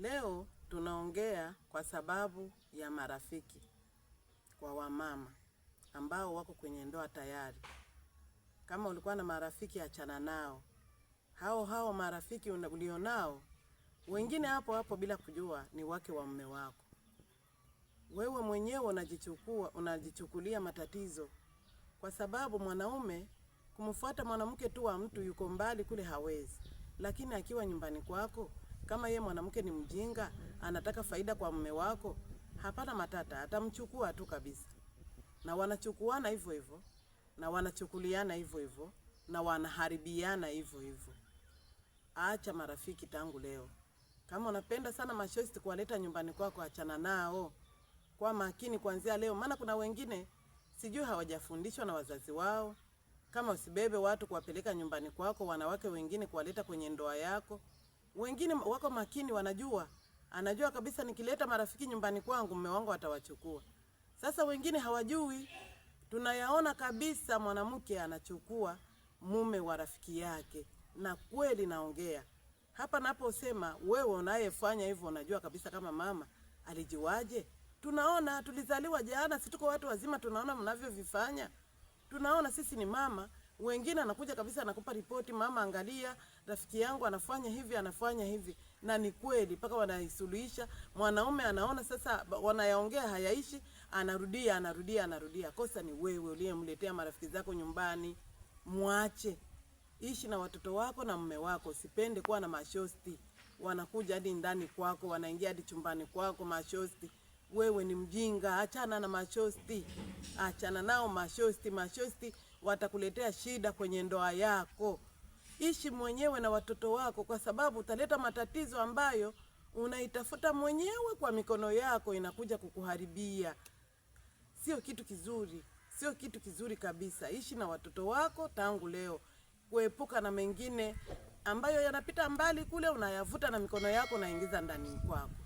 Leo tunaongea kwa sababu ya marafiki kwa wamama ambao wako kwenye ndoa tayari. Kama ulikuwa na marafiki, achana nao. Hao hao marafiki ulionao wengine hapo hapo bila kujua ni wake wa mume wako. Wewe mwenyewe unajichukua, unajichukulia matatizo kwa sababu mwanaume kumfuata mwanamke tu wa mtu yuko mbali kule hawezi, lakini akiwa nyumbani kwako kama yeye mwanamke ni mjinga, anataka faida kwa mume wako, hapana matata, atamchukua tu kabisa. Na wanachukuana hivyo hivyo, na wanachukuliana hivyo hivyo, na wanaharibiana hivyo hivyo. Acha marafiki tangu leo. Kama unapenda sana mashosti kuwaleta nyumbani kwako, achana nao kwa makini kuanzia leo, maana kuna wengine sijui hawajafundishwa na wazazi wao, kama usibebe watu kuwapeleka nyumbani kwako, wanawake wengine kuwaleta kwenye ndoa yako. Wengine wako makini, wanajua, anajua kabisa nikileta marafiki nyumbani kwangu mume wangu atawachukua. Sasa wengine hawajui, tunayaona kabisa, mwanamke anachukua mume wa rafiki yake, na kweli naongea hapa naposema, wewe unayefanya hivyo unajua kabisa kama mama alijiwaje. Tunaona tulizaliwa jana, si tuko watu wazima, tunaona mnavyovifanya, tunaona sisi ni mama wengine anakuja kabisa anakupa ripoti, mama, angalia rafiki yangu anafanya hivi anafanya hivi, na ni kweli, mpaka wanaisuluhisha. Mwanaume anaona sasa wanayaongea hayaishi, anarudia anarudia anarudia. Kosa ni wewe uliyemletea marafiki zako nyumbani. Mwache, ishi na watoto wako na mume wako. Sipende kuwa na mashosti wanakuja hadi ndani kwako, wanaingia hadi chumbani kwako, mashosti. Wewe ni mjinga, achana na mashosti, achana nao mashosti. Mashosti watakuletea shida kwenye ndoa yako. Ishi mwenyewe na watoto wako, kwa sababu utaleta matatizo ambayo unaitafuta mwenyewe kwa mikono yako, inakuja kukuharibia. Sio kitu kizuri, sio kitu kizuri kabisa. Ishi na watoto wako tangu leo, kuepuka na mengine ambayo yanapita mbali kule, unayavuta na mikono yako, unaingiza ndani kwako.